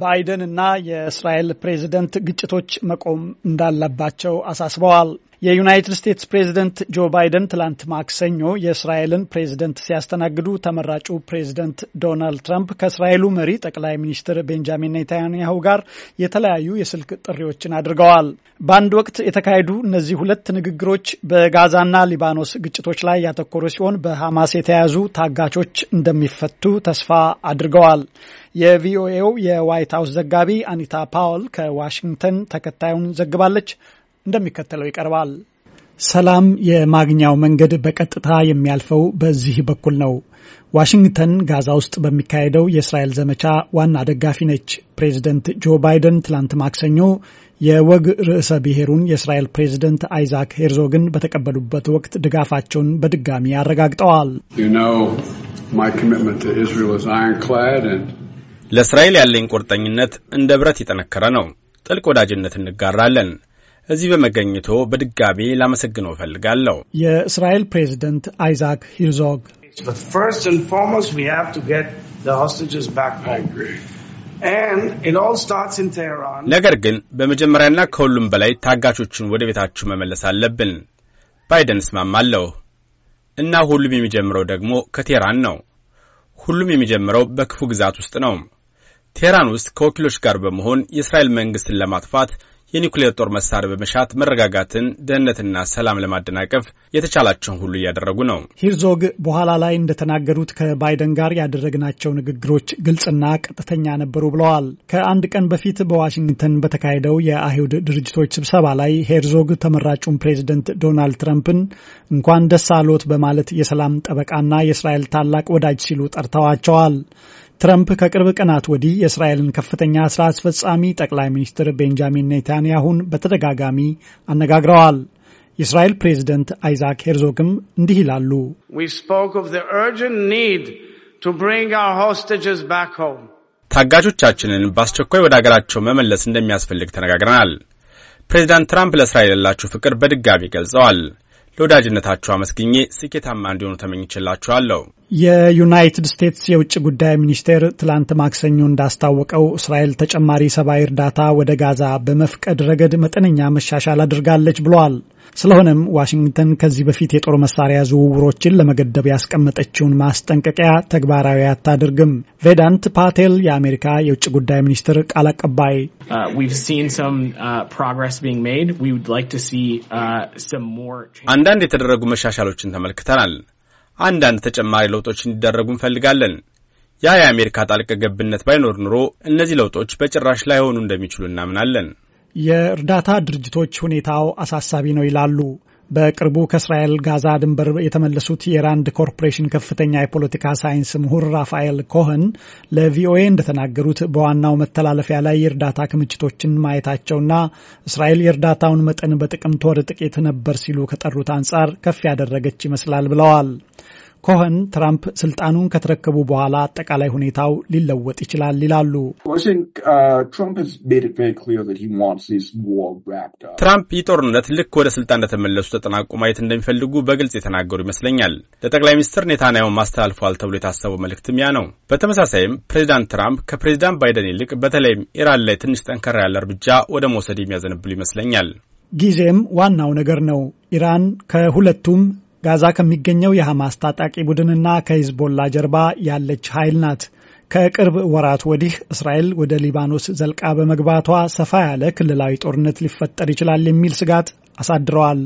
ባይደን እና የእስራኤል ፕሬዚደንት ግጭቶች መቆም እንዳለባቸው አሳስበዋል። የዩናይትድ ስቴትስ ፕሬዝደንት ጆ ባይደን ትላንት ማክሰኞ የእስራኤልን ፕሬዝደንት ሲያስተናግዱ ተመራጩ ፕሬዝደንት ዶናልድ ትራምፕ ከእስራኤሉ መሪ ጠቅላይ ሚኒስትር ቤንጃሚን ኔታንያሁ ጋር የተለያዩ የስልክ ጥሪዎችን አድርገዋል። በአንድ ወቅት የተካሄዱ እነዚህ ሁለት ንግግሮች በጋዛና ሊባኖስ ግጭቶች ላይ ያተኮሩ ሲሆን በሐማስ የተያዙ ታጋቾች እንደሚፈቱ ተስፋ አድርገዋል። የቪኦኤው የዋይት ሀውስ ዘጋቢ አኒታ ፓውል ከዋሽንግተን ተከታዩን ዘግባለች። እንደሚከተለው ይቀርባል። ሰላም የማግኛው መንገድ በቀጥታ የሚያልፈው በዚህ በኩል ነው። ዋሽንግተን ጋዛ ውስጥ በሚካሄደው የእስራኤል ዘመቻ ዋና ደጋፊ ነች። ፕሬዚደንት ጆ ባይደን ትላንት ማክሰኞ የወግ ርዕሰ ብሔሩን የእስራኤል ፕሬዚደንት አይዛክ ሄርዞግን በተቀበሉበት ወቅት ድጋፋቸውን በድጋሚ አረጋግጠዋል። ለእስራኤል ያለኝ ቁርጠኝነት እንደ ብረት የጠነከረ ነው። ጥልቅ ወዳጅነት እንጋራለን። እዚህ በመገኘቶ በድጋሜ ላመሰግነው እፈልጋለሁ። የእስራኤል ፕሬዝደንት አይዛክ ሂርዞግ ነገር ግን በመጀመሪያና ከሁሉም በላይ ታጋቾችን ወደ ቤታችሁ መመለስ አለብን። ባይደን እስማማለሁ እና ሁሉም የሚጀምረው ደግሞ ከቴህራን ነው። ሁሉም የሚጀምረው በክፉ ግዛት ውስጥ ነው። ቴህራን ውስጥ ከወኪሎች ጋር በመሆን የእስራኤል መንግሥትን ለማጥፋት የኒውክሌር ጦር መሳሪያ በመሻት መረጋጋትን፣ ደህንነትና ሰላም ለማደናቀፍ የተቻላቸውን ሁሉ እያደረጉ ነው። ሂርዞግ በኋላ ላይ እንደተናገሩት ከባይደን ጋር ያደረግናቸው ንግግሮች ግልጽና ቀጥተኛ ነበሩ ብለዋል። ከአንድ ቀን በፊት በዋሽንግተን በተካሄደው የአይሁድ ድርጅቶች ስብሰባ ላይ ሄርዞግ ተመራጩን ፕሬዚደንት ዶናልድ ትራምፕን እንኳን ደስ አሎት በማለት የሰላም ጠበቃና የእስራኤል ታላቅ ወዳጅ ሲሉ ጠርተዋቸዋል። ትረምፕ ከቅርብ ቀናት ወዲህ የእስራኤልን ከፍተኛ ስራ አስፈጻሚ ጠቅላይ ሚኒስትር ቤንጃሚን ኔታንያሁን በተደጋጋሚ አነጋግረዋል። የእስራኤል ፕሬዝደንት አይዛክ ሄርዞግም እንዲህ ይላሉ። ታጋቾቻችንን በአስቸኳይ ወደ አገራቸው መመለስ እንደሚያስፈልግ ተነጋግረናል። ፕሬዚዳንት ትራምፕ ለእስራኤል ያላችሁ ፍቅር በድጋሚ ገልጸዋል። ለወዳጅነታቸው አመስግኜ ስኬታማ እንዲሆኑ ተመኝችላችኋለሁ። የዩናይትድ ስቴትስ የውጭ ጉዳይ ሚኒስቴር ትላንት ማክሰኞ እንዳስታወቀው እስራኤል ተጨማሪ ሰብአዊ እርዳታ ወደ ጋዛ በመፍቀድ ረገድ መጠነኛ መሻሻል አድርጋለች ብለዋል። ስለሆነም ዋሽንግተን ከዚህ በፊት የጦር መሳሪያ ዝውውሮችን ለመገደብ ያስቀመጠችውን ማስጠንቀቂያ ተግባራዊ አታደርግም። ቬዳንት ፓቴል የአሜሪካ የውጭ ጉዳይ ሚኒስትር ቃል አቀባይ፣ uh, uh, uh, አንዳንድ የተደረጉ መሻሻሎችን ተመልክተናል አንዳንድ ተጨማሪ ለውጦች እንዲደረጉ እንፈልጋለን። ያ የአሜሪካ ጣልቃ ገብነት ባይኖር ኑሮ እነዚህ ለውጦች በጭራሽ ላይሆኑ እንደሚችሉ እናምናለን። የእርዳታ ድርጅቶች ሁኔታው አሳሳቢ ነው ይላሉ። በቅርቡ ከእስራኤል ጋዛ ድንበር የተመለሱት የራንድ ኮርፖሬሽን ከፍተኛ የፖለቲካ ሳይንስ ምሁር ራፋኤል ኮህን ለቪኦኤ እንደተናገሩት በዋናው መተላለፊያ ላይ የእርዳታ ክምችቶችን ማየታቸውና እስራኤል የእርዳታውን መጠን በጥቅምት ወር ጥቂት ነበር ሲሉ ከጠሩት አንጻር ከፍ ያደረገች ይመስላል ብለዋል። ኮኸን ትራምፕ ስልጣኑን ከተረከቡ በኋላ አጠቃላይ ሁኔታው ሊለወጥ ይችላል ይላሉ። ትራምፕ ይህ ጦርነት ልክ ወደ ስልጣን እንደተመለሱ ተጠናቁ ማየት እንደሚፈልጉ በግልጽ የተናገሩ ይመስለኛል። ለጠቅላይ ሚኒስትር ኔታንያሁን ማስተላልፏል ተብሎ የታሰበው መልእክትም ያ ነው። በተመሳሳይም ፕሬዚዳንት ትራምፕ ከፕሬዚዳንት ባይደን ይልቅ በተለይም ኢራን ላይ ትንሽ ጠንከራ ያለ እርምጃ ወደ መውሰድ የሚያዘንብሉ ይመስለኛል። ጊዜም ዋናው ነገር ነው። ኢራን ከሁለቱም ጋዛ ከሚገኘው የሐማስ ታጣቂ ቡድንና ከሂዝቦላ ጀርባ ያለች ኃይል ናት። ከቅርብ ወራት ወዲህ እስራኤል ወደ ሊባኖስ ዘልቃ በመግባቷ ሰፋ ያለ ክልላዊ ጦርነት ሊፈጠር ይችላል የሚል ስጋት አሳድረዋል።